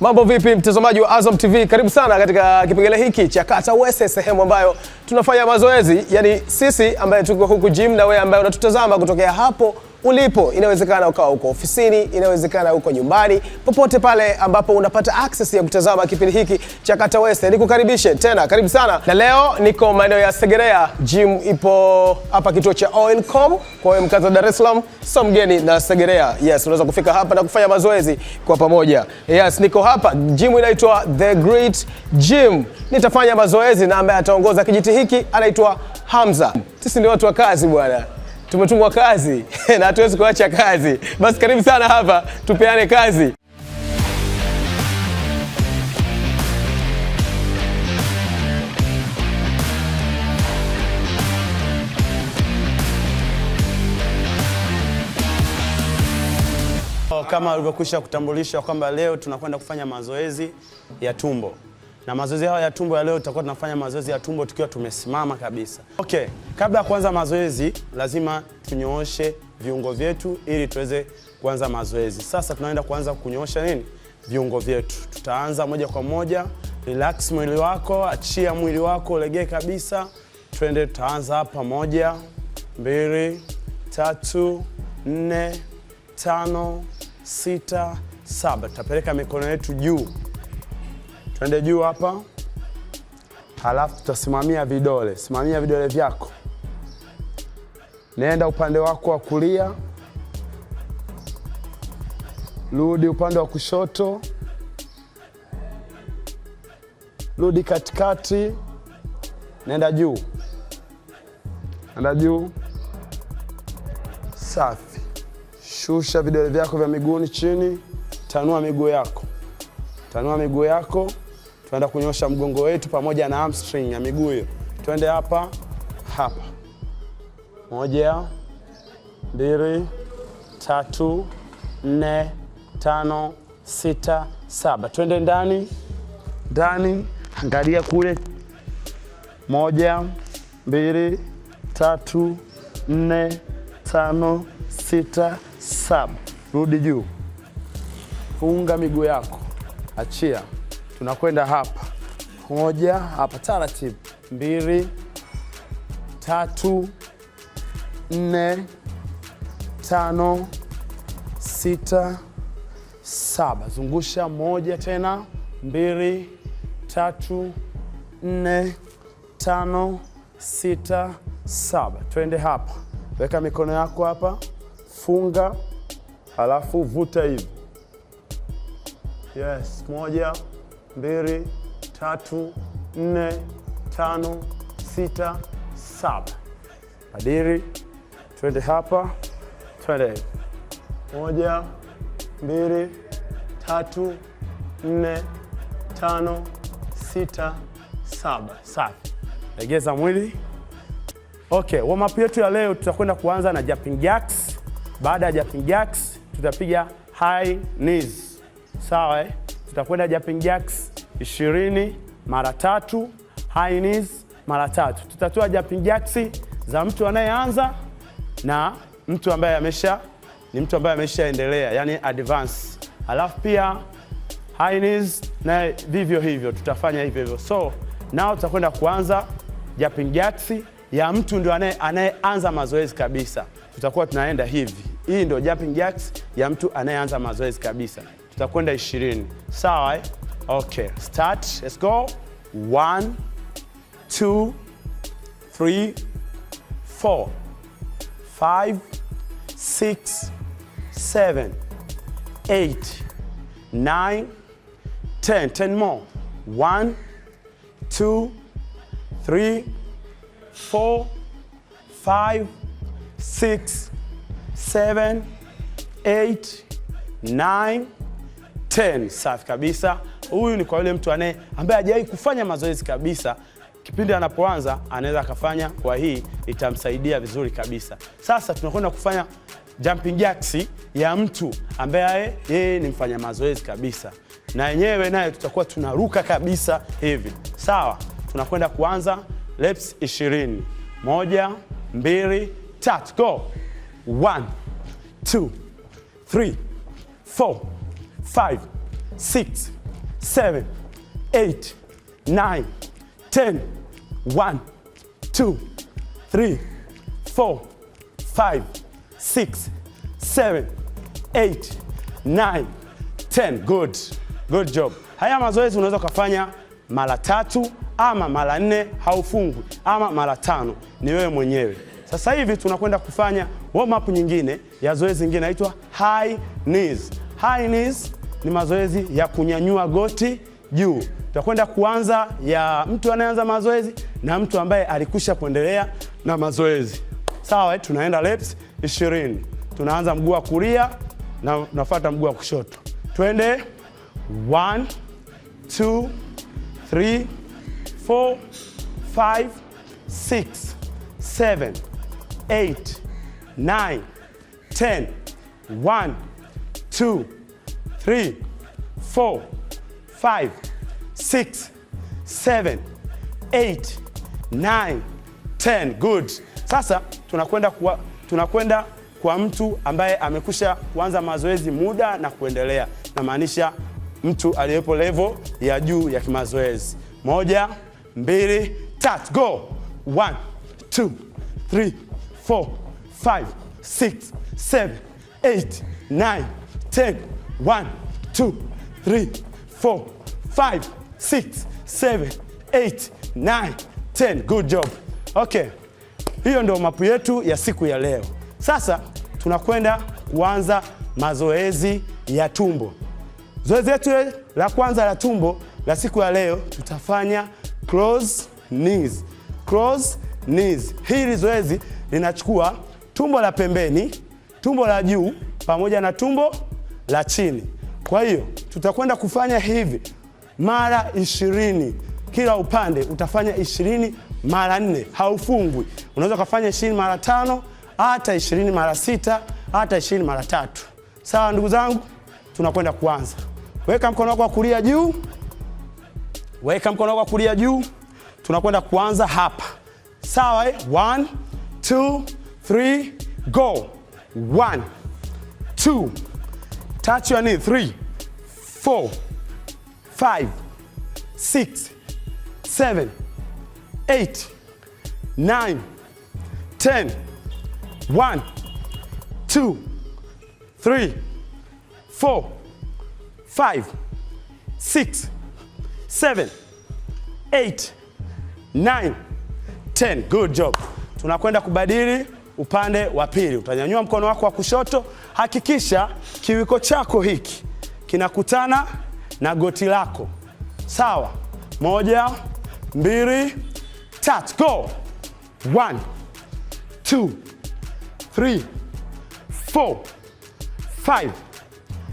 Mambo vipi, mtazamaji wa Azam TV, karibu sana katika kipengele hiki cha Kata Wese, sehemu ambayo tunafanya mazoezi, yaani sisi ambaye tuko huku gym na wewe ambaye unatutazama kutokea hapo ulipo. Inawezekana ukawa uko ofisini, inawezekana uko nyumbani, popote pale ambapo unapata access ya kutazama kipindi hiki cha Kata West, nikukaribishe tena, karibu sana. Na leo niko maeneo ya Segerea, gym ipo hapa kituo cha Oilcom. Kwa hiyo mkazi wa Dar es Salaam so mgeni na Segerea, yes, unaweza kufika hapa na kufanya mazoezi kwa pamoja. Yes, niko hapa gym inaitwa The Great Gym, nitafanya mazoezi na ambaye ataongoza kijiti hiki anaitwa Hamza. Sisi ndio watu wa kazi bwana tumetumwa kazi na hatuwezi kuacha kazi. Basi karibu sana hapa, tupeane kazi. Kama ulivyokwisha kutambulisha kwamba leo tunakwenda kufanya mazoezi ya tumbo na mazoezi hayo ya tumbo ya leo tutakuwa tunafanya mazoezi ya tumbo tukiwa tumesimama kabisa. Okay, kabla ya kuanza mazoezi lazima tunyooshe viungo vyetu ili tuweze kuanza mazoezi. Sasa tunaenda kuanza kunyoosha nini? Viungo vyetu. Tutaanza moja kwa moja, relax mwili wako, achia mwili wako, ulegee kabisa. Twende, tutaanza hapa, moja, mbili, tatu, nne, tano, sita, saba. Tutapeleka mikono yetu juu Twende juu hapa, halafu tutasimamia vidole. Simamia vidole vyako, nenda upande wako wa kulia, rudi upande wa kushoto, rudi katikati, nenda juu, nenda juu. Safi, shusha vidole vyako vya miguuni chini, tanua miguu yako, tanua miguu yako tunaenda kunyosha mgongo wetu pamoja na hamstring ya miguu hiyo. Twende hapa hapa, moja, mbili, tatu, nne, tano, sita, saba. Twende ndani ndani, angalia kule, moja, mbili, tatu, nne, tano, sita, saba. Rudi juu, funga miguu yako, achia tunakwenda hapa moja, hapa taratibu, mbili, tatu, nne, tano, sita, saba. Zungusha moja tena, mbili, tatu, nne, tano, sita, saba. Twende hapa, weka mikono yako hapa, funga halafu vuta hivi. Yes, moja mbili, tatu, nne, tano, sita, saba. Kadiri, twende hapa, twende moja, mbili, tatu, nne, tano, sita, saba. Safi, legeza mwili. Okay, warm up yetu ya leo tutakwenda kuanza na jumping jacks. Baada ya jumping jacks tutapiga high knees. Sawa eh? tutakwenda jumping jacks 20 mara tatu, high knees mara tatu. Tutatoa jumping jacks za mtu anayeanza na mtu ambaye amesha ni mtu ambaye ameshaendelea, yani advance. Alafu pia high knees na vivyo hivyo, tutafanya hivyo hivyo. So nao tutakwenda kuanza jumping jacks ya mtu ndio anayeanza mazoezi kabisa, tutakuwa tunaenda hivi. Hii ndio jumping jacks ya mtu anayeanza mazoezi kabisa. tutakwenda ishirini. Sawa eh? Okay, start. Let's go. One, two, three, four, five, six, seven, eight, nine, ten. Ten more. One, two, three, four, five, six, seven, eight, nine. 10. Safi kabisa. Huyu ni kwa yule mtu anaye ambaye hajawahi kufanya mazoezi kabisa kipindi anapoanza anaweza akafanya kwa hii, itamsaidia vizuri kabisa. Sasa tunakwenda kufanya jumping jacks ya mtu ambaye yeye ni mfanya mazoezi kabisa, na yenyewe naye tutakuwa tunaruka kabisa hivi, sawa? Tunakwenda kuanza reps 20. Moja, mbili, tatu, go. 1 2 3 4 five, six, seven, eight, nine, ten, one, two, three, four, five, six, seven, eight, nine, ten. Good, good job. Haya mazoezi unaweza ukafanya mara tatu ama mara nne, haufungwi ama mara tano, ni wewe mwenyewe. Sasa hivi tunakwenda kufanya warm up nyingine ya zoezi nyingine inaitwa high knees. High knees ni mazoezi ya kunyanyua goti juu. Tutakwenda kuanza ya mtu anayeanza mazoezi na mtu ambaye alikwisha kuendelea na mazoezi. Sawa, eh, tunaenda reps 20. Tunaanza mguu wa kulia na nafuata mguu wa kushoto. Twende 1 2 3 4 5 6 7 8 9 10 1 2 three, four, five, six, seven, eight, nine, ten. Good. Sasa tunakwenda kwa, tunakwenda kwa mtu ambaye amekusha kuanza mazoezi muda na kuendelea, namaanisha mtu aliyepo level ya juu ya kimazoezi. Moja, mbili, tatu, go. One, two, three, four, five, six, seven, eight, nine, ten. One, two, three, four, five, six, seven, eight, nine, ten. Good job. Okay, hiyo ndio mapu yetu ya siku ya leo. Sasa tunakwenda kuanza mazoezi ya tumbo. Zoezi letu la kwanza la tumbo la siku ya leo tutafanya close knees. Close knees. Hili zoezi linachukua tumbo la pembeni, tumbo la juu pamoja na tumbo la chini. Kwa hiyo tutakwenda kufanya hivi mara ishirini, kila upande utafanya ishirini mara nne, haufungwi. Unaweza ukafanya ishirini mara tano hata ishirini mara sita hata ishirini mara tatu. Sawa ndugu zangu, tunakwenda kuanza. Weka mkono wako wa kulia juu, weka mkono wako wa kulia juu. Tunakwenda kuanza hapa, sawa eh? One, two, three, go. One, two Touch your knee. Three, four, five, six, seven, eight, nine, ten. One, two, three, four, five, six, seven, eight, nine, ten. Good job. Tunakwenda kubadili upande wa pili. Utanyanyua mkono wako wa kushoto hakikisha kiwiko chako hiki kinakutana na goti lako sawa. Moja, mbili, tatu, go. One, two, three, four, five,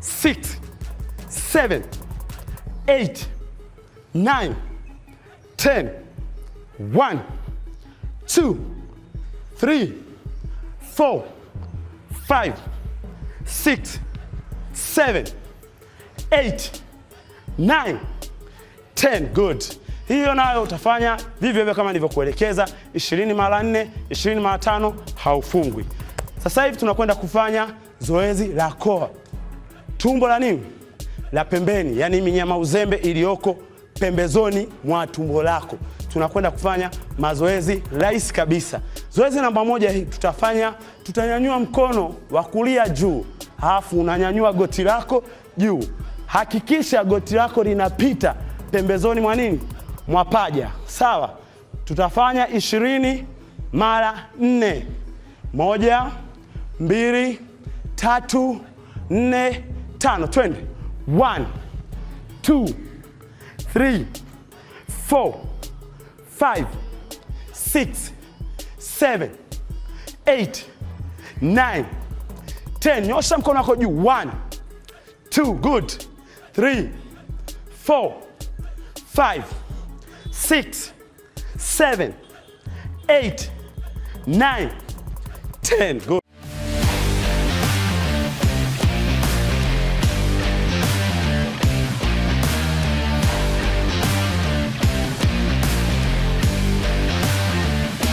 six, seven, eight, nine, ten. One, two, three, four, five six, seven, eight, nine, ten. Good. Hiyo nayo utafanya vivyo hivyo kama nilivyokuelekeza, ishirini mara nne, ishirini mara tano, haufungwi. Sasa hivi tunakwenda kufanya zoezi la koa tumbo la nini la pembeni, yaani minyama uzembe iliyoko pembezoni mwa tumbo lako. Tunakwenda kufanya mazoezi rahisi kabisa. Zoezi namba moja hii tutafanya, tutanyanyua mkono wa kulia juu halafu unanyanyua goti lako juu. Hakikisha goti lako linapita pembezoni mwa nini? mwapaja Sawa, tutafanya ishirini mara nne. Moja, mbili, tatu, nne, tano. Twende one, two, three, four, five, six, seven, eight, nine 10. Nyosha mkono wako juu. 1 2 good. 3 4 5 6 7 8 9 10 good.